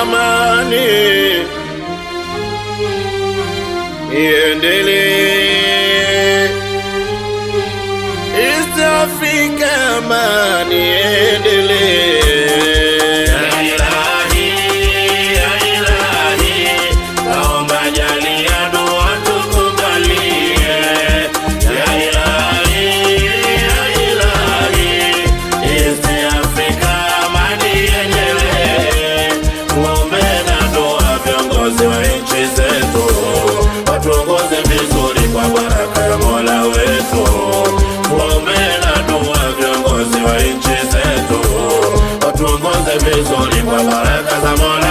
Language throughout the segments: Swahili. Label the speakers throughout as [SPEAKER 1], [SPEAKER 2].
[SPEAKER 1] amani iendelee, East Africa amani iendelee.
[SPEAKER 2] I'm baraka za Mola.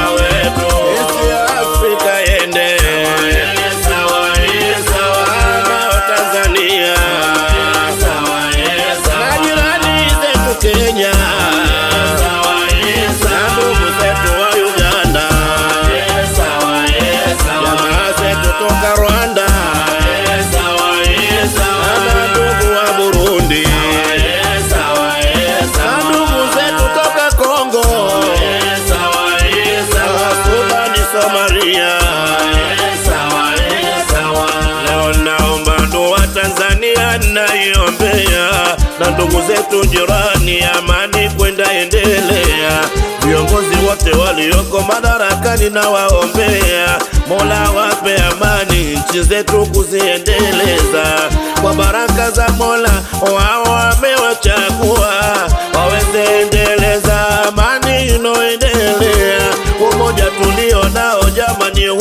[SPEAKER 1] tunaiombea na ndugu zetu jirani, amani kwenda endelea. Viongozi wote walioko madarakani na waombea, Mola wape amani nchi zetu kuziendeleza, kwa baraka za Mola wao wamewachagua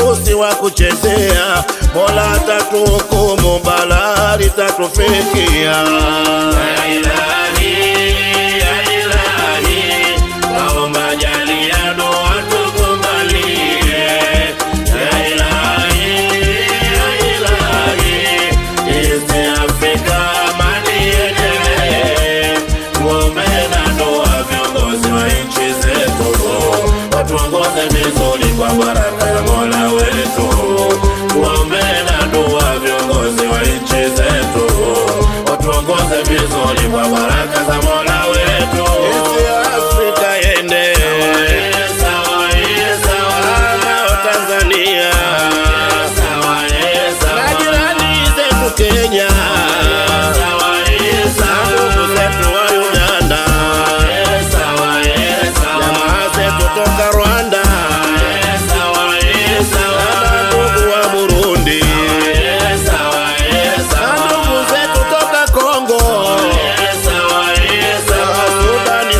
[SPEAKER 1] usi wa kuchezea, Mola atatuhukumu, balaa litatufikia.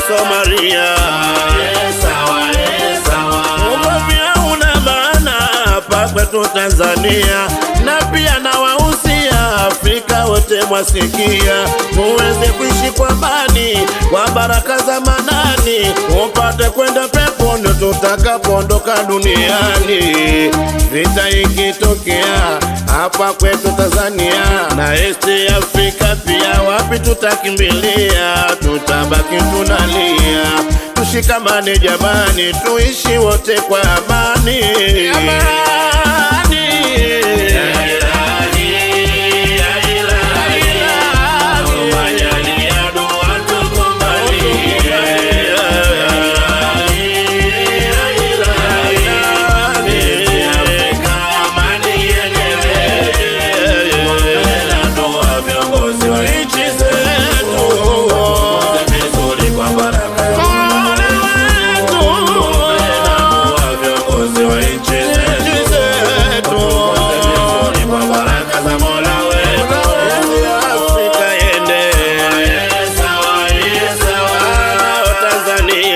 [SPEAKER 1] Somalia. maana hapa kwetu Tanzania, na pia na nawahusia Afrika wote mwasikia, muweze kuishi kwa amani kwa baraka za Manani, upate kwenda peponi tutakapoondoka duniani. Vita ikitokea hapa kwetu Tanzania na East Afrika pia, wapi tutakimbilia? tunabaki tunalia. Tushikamane jamani, tuishi wote kwa amani, amani.